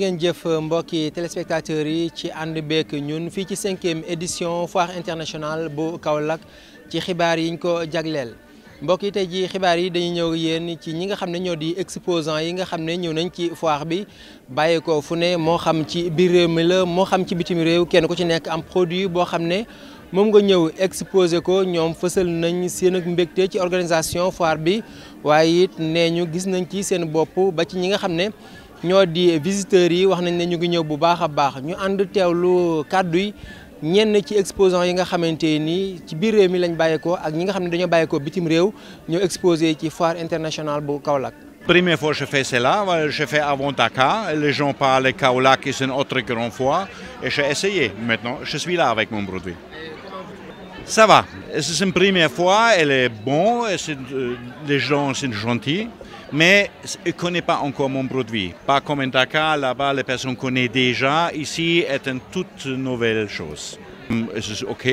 ngeen jëf mbokki téléspectateurs yi ci ànd beek ñun fii ci cinquième édition foire internationale bu kaw Kaolack ci xibaar yiñ ko jagleel mbokk yi tey ji xibaar yi dañuy ñëw yéen ci ñi nga xam ne ñoo di exposant yi nga xam ne ñëw nañ ci foire bi bàyyi ko fu ne moo xam ci biir réew mi la moo xam ci bitim réew kenn ku ci nekk am produit boo xam ne moom nga ñëw exposé ko ñoom fësal nañ seen ak mbégte ci organisation foire bi waaye it nee ñu gis nañ ci seen bopp ñi xam ñoo di visiteurs yi wax nañ ne ñu ngi ñëw bu baax a baax ñu ànd lu kàddu yi ñenn ci exposants yi nga xamante ni ci biir réew mi lañ bàyyeekoo ak ñi nga xam ne dañoo bàyyeekoo bitim réew ñoo exposé ci foire internationale bu Kaolack. Première fois je fais cela, euh, je fais avant Dakar, les gens parlent Kaolack et c'est une fois et j'ai essayé. Maintenant, je suis là avec mon produit. Ça va, c'est une première fois, elle est bonne, euh, les gens mais ne connaît pas encore mon produit. Pas comme en Dakar, là-bas, les personnes connaissent déjà. Ici, est une toute nouvelle chose. C'est ok,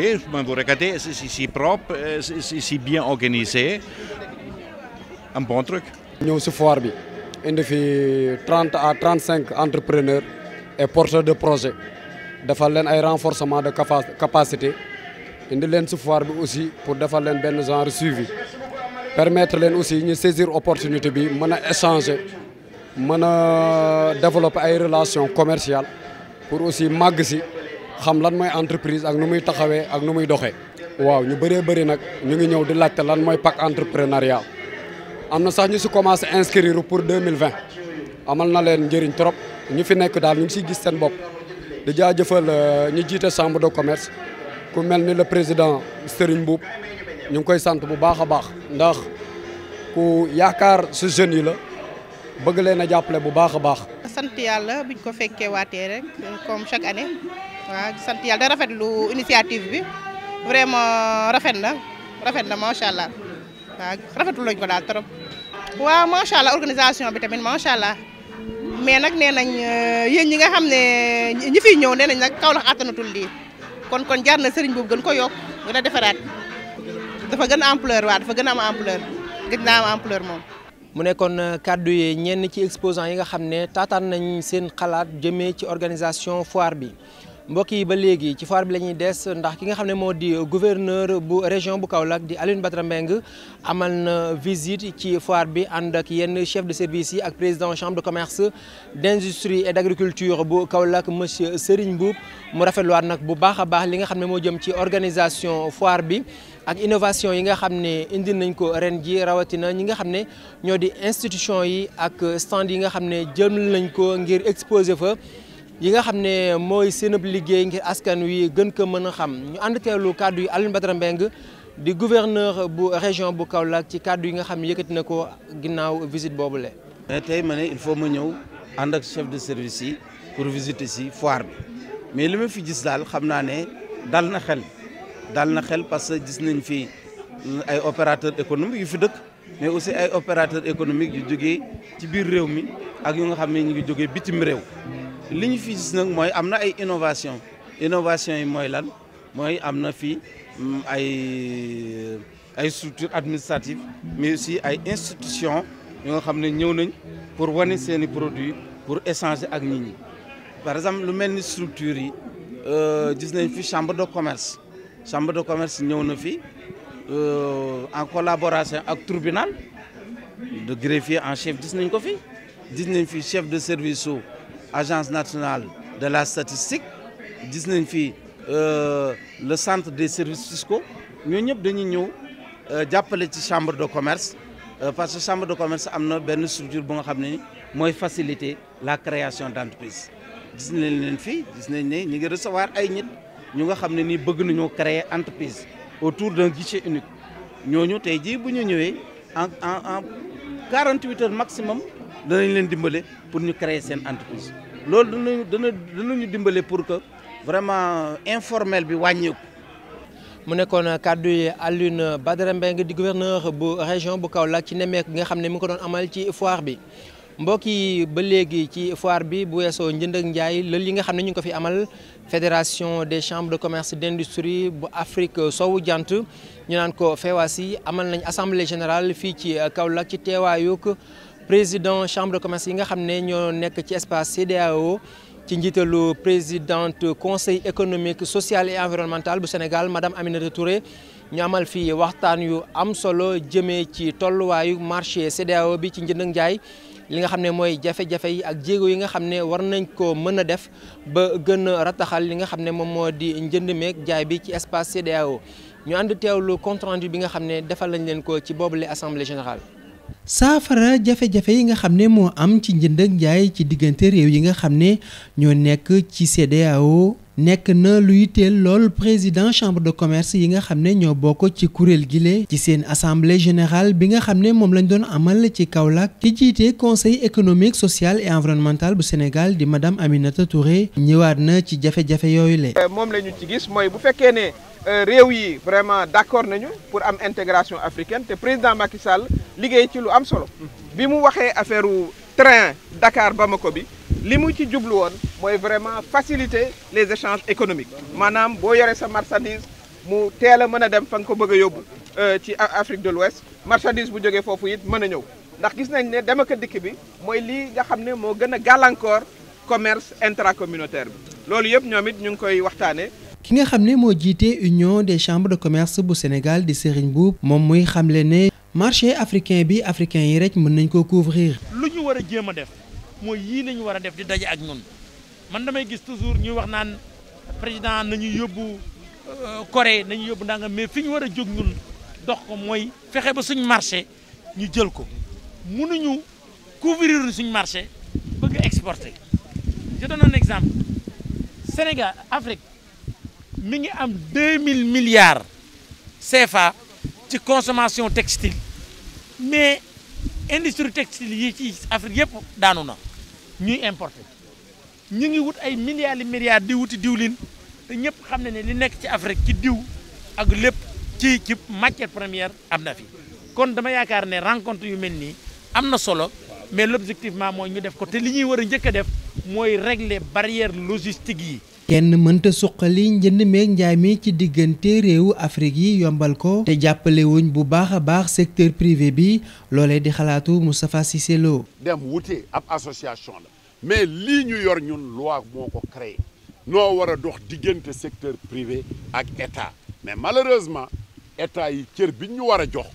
vous regardez, c'est si propre, euh, c'est si bien organisé. Un bon truc. Nous sommes foire, indi fi 30 à 35 entrepreneurs et porteurs de projet defal leen ay renforcement de capacité indi leen si foire bi aussi pour defal leen benn genre suivi permettre leen aussi ñu saisir opportunité bi mën a échanger mën a développer ay relations commerciales pour aussi màgg si xam lan mooy entreprise ak nu muy taxawee ak nu muy doxee. waaw ñu bëree bëri nag ñu ngi ñëw di laajte lan mooy pack entrepreneuriat am na sax ñu si commencé inscrire pour 2020 amal na leen njëriñ trop ñu fi nekk daal ñu ngi si gis seen bopp di jaajëfal euh, ñu jiite sembre de commerce ku mel ni le président Serigne Mboup ñu ngi koy sant bu baax a baax ndax ku yaakaar si jeunes la bëgg leen a jàppale bu baax a baax. sant yàlla biñ ko fekkee waatee rek comme chaque année waaw sant yàlla da lu initiative bi vraiment rafet na rafet na macha allah waaw rafetlu lañ ko daal trop. waa macha allah organisation bi tamit macha allah mais nag nee nañ euh, yéen ñi nga xam ne ñi fiy ñëw nee nañ nag Kaolack attanatul lii kon kon jaar na sëriñ boobu gën ko yokk gën a deferaat dafa gën a ampleur waa dafa gën a am ampleur naa am moom. mu nekkoon euh, kàddu yi ñenn ci exposant yi nga xam ne taataan nañ seen xalaat jëmee ci organisation foire bi mbokk yi ba léegi ci foire bi la ñuy des ndax ki nga xam ne moo di gouverneur bu région bu Kaolack di Alioune Badara Mbengue amal na visite ci foire bi ànd ak yenn chef de service yi ak président chambre de commerce d'industrie et d'agriculture bu Kaolack monsieur Serigne Mboup mu rafetluwaat nag bu baax a baax li nga xam ne moo jëm ci organisation foire bi. ak innovation yi nga xam ne indi nañ ko ren ji rawatina ñi nga xam ne ñoo di institution yi ak stand yi nga xam ne jël nañ ko ngir exposé fa yi nga xam ne mooy seenab liggéey ngir askan wi gën ko mën a xam ñu ànd teelu kàddu yi Alioune Badara Mbengue di gouverneur bu région bu Kaolack ci kàddu yi nga xam ne yëkkati na ko ginnaaw visite boobu le mais tey ma ne il faut ma ñëw ànd ak chef de service yi pour visiter si foire bi mais li ma fi gis daal xam naa ne dal na xel dal na xel parce que gis nañ fi ay opérateur économique yu fi dëkk mais aussi ay opérateur économique yu jógee ci biir réew mi ak yu nga xam ne ñu ngi jógee bitim réew li ñu fi gis nag mooy am na ay innovation innovation yi mooy lan mooy am na fi mm, ay ay structure administrative mais aussi ay institution yu nga xam ne ñëw nañ pour wane seen i produit pour échanger ak nit ñi par exemple lu mel ni structure yi euh, gis nañ fi chambre de commerce chambre de commerce ñëw na fi euh, en collaboration ak tribunal de greffier en chef gis nañ ko fi gis nañ fi chef de service su agence nationale de la statistique gis nañ fi euh, le centre des services fiscaux ñoo ñëpp dañuy ñëw euh, jàppale ci chambre de commerce parce que chambre de commerce am na benn structure bu nga xam ne mooy faciliter la création d'entreprise gis nañ leen fii gis nañ ne ay nit ñu nga xam ne nii bëgg nañoo créer entreprise autour d'un guichet unique ñooñu tey jii bu ñu ñëwee en en en 48 heures maximum danañ leen dimbale pour ñu créer seen entreprise loolu danañu dana ñu dimbale pour que vraiment informel bi wàññeeku. mu nekkoon kàddu yi Alioune Badara Mbengue di gouverneur bu région bu kaw Kaolack ci nemmeek bi nga xam ne mu ko doon amal ci foire bi. mbokk yi ba léegi ci foire bi bu weesoo njënd ak njaay lël yi nga xam ne ñu ngi ko fi amal fédération des chambres de commerce d'industrie bu Afrique sowu jant ñu naan ko FEWASI amal nañ assemblée générale fii ci Kaolack ci teewaayuk président chambre de commerce yi nga xam ne ñoo nekk ci espace CEDEAO ci njiitalu présidente conseil économique sociale et environnemental bu Sénégal madame Aminata Touré ñu amal fii waxtaan yu am solo jëmee ci tolluwaayu marché CEDEAO bi ci njënd ak li nga xam ne mooy jafe-jafe yi ak jéego yi nga xam ne war nañ koo mën a def ba gën a li nga xam ne moom moo di njënd meeg jaay bi ci espace CEDEAO ñu ànd teewlu compte rendu bi nga xam ne defal lañ leen ko ci boobule assemblée général saafara jafe-jafe yi nga xam ne moo am ci njënd ak ci diggante réew yi nga xam ne ñoo nekk ci CEDEAO nekk na lu yitteel lool président chambre de commerce yi nga xam ne ñoo bokk ci kuréel gile ci seen assemblée générale bi nga xam ne moom lañ doon amal ci Kaolack ki jiite conseil économique social et environnemental bu Sénégal di madame Aminata Touré ñëwaat na ci jafe-jafe yooyu la. Euh, moom la ñu ci gis mooy bu fekkee ne euh, réew yi vraiment d'accord nañu pour am intégration africaine te président Macky Sall liggéey ci lu am solo bi mu waxee affaire train Dakar Bamako bi li mu ci jublu woon mooy vraiment facilité les échanges économiques maanaam boo yoree sa marchandise mu teel a mën a dem fa nga ko bëgg a yóbbu euh, ci Afrique de l'Ouest marchandise bu jógee foofu it mën a ñëw ndax gis nañ ne dem ak dikk bi mooy lii nga xam ne moo gën a gàllankoor commerce intracommunautaire bi loolu yëpp ñoom it ñu ngi koy waxtaanee. ki nga xam ne moo jiite union des chambres de commerce bu Sénégal di Serigne Boub moom muy xamle ne marché africain bi africain yi rek mën nañ koo couvrir. lu ñu war a jéem a def mooy yii nañu war a def di daje ak ñun. man damay gis toujours ñuy wax naan président nañu yóbbu euh, Corée nañu yóbbu ndànk mais fi ñu war a jóg ñun dox ko mooy fexe ba suñ marché ñu jël ko mënuñu couvrir suñ marché bëgg exporter je donne un exemple Sénégal Afrique mi ngi am 2000 milliards CFA ci consommation textile mais industrie textile yi ci Afrique yëpp daanu na ñuy importer. ñu ngi wut ay milliards yi milliards di wuti diwlin te ñëpp xam na ne li nekk ci Afrique ci diw ak lépp ci ci matière première am na kon dama yaakaar ne rencontre yu mel nii am na solo mais l'objectivement mooy ñu def ko te li ñuy war a njëkk a def mooy regle barrière logistique yi. kenn mënta suqali njënd meeg njaay mi ci diggante réewu Afrique yi yombal ko te jàppalewuñ bu baax a baax secteur privé bi loole di xalaatu Moustapha si selo dem wute ab association la. mais lii ñu yor ñun loi moo ko créé noo war a dox diggante secteur privé ak état mais malheureusement état yi cër bi ñu war a jox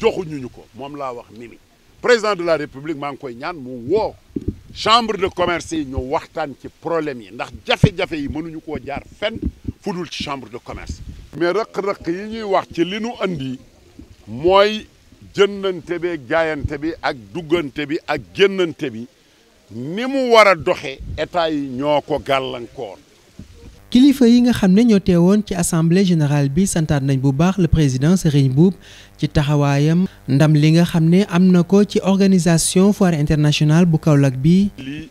joxuñu ñu ko moom laa wax ni mi président de la république maa ngi koy ñaan mu woo chambre de commerce yi ñu waxtaan ci problème yi ndax jafe-jafe yi mënuñu ko jaar fenn fu dul ci chambre de commerce mais rëq-rëq yi ñuy wax ci li nu andi mooy jëndante bi jaayante bi ak duggante bi ak jënante bi ni mu war a doxe état yi ñoo ko gàllankoor kilifa yi nga xam ne ñoo teewoon ci assemblée générale bi santaat nañ bu baax la président Serigne Mboup ci taxawaayam ndam li nga xam ne am na ko ci organisation foire internationale bu Kaolack bi lii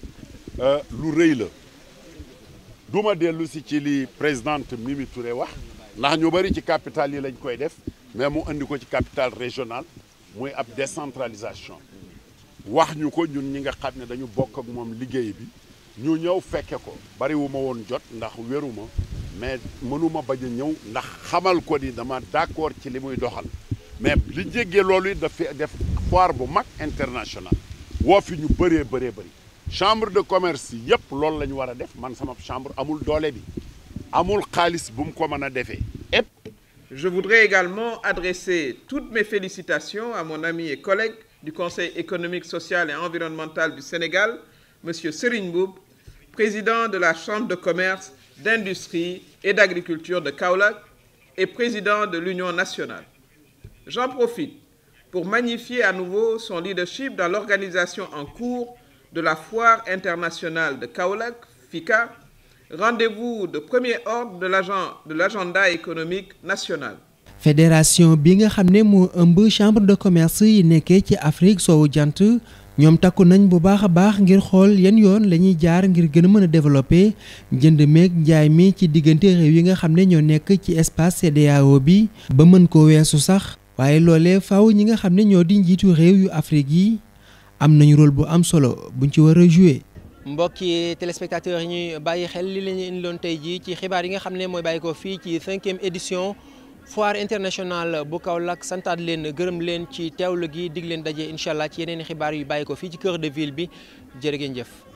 euh, lu rëy la duma dellu si ci li présidente Mimi Touré wax ndax ñu bëri ci capital yi lañ koy def mais mu indi ko ci capital régional muy ab décentralisation wax ñu ko ñun ñi nga xam ne dañu bokk ak moom liggéey bi ñu ñëw fekke ko bariwuma woon jot ndax wéruma mais mënuma bañ a ñëw ndax xamal ko ni dama d'accord ci li muy doxal mais li jéggee loolu it dafa def foire bu mag international woo fi ñu bëree bëree bëri chambre de commerce yi yëpp loolu la ñu war a def man sama chambre amul doole bi amul xaalis bu mu ko mën a defee Je voudrais également adresser toutes mes félicitations à mon ami et collègue du Conseil économique, social et environnemental du Sénégal, M. Serigne président de la Chambre de commerce, d'industrie et d'agriculture de Kaolack et président de l'Union nationale. J'en profite pour magnifier à nouveau son leadership dans l'organisation en cours de la Foire internationale de Kaolack, FICA, rendez-vous de premier ordre de fédération bi nga xam ne moo ëmb chambre de commerce yi nekkee ci Afrique soowu jant ñoom takku nañ bu baax a baax ngir xool yan yoon la ñuy jaar ngir gën a mën a développer jënd meeg njaay mi ci diggante réew yi nga xam ne ñoo nekk ci espace CEDEAO bi ba mën ko weesu sax waaye loolee faw ñi nga xam ne ñoo di njiitu réew yu Afrique yi am nañu rôle bu am solo buñ ci war a jouer. mbokki téléspectateurs yi ñuy bàyyi xel li la ñu indiloon tey jii ci xibaar yi nga xam ne mooy bàyyi ko fii ci cinquième édition foire internationale bu kaw Kaolack santaat leen gërëm leen ci teewlu gi dig leen daje incha allah ci yeneen i xibaar yi bàyyi ko fii ci cœur de ville bi jërë ngeen jëf.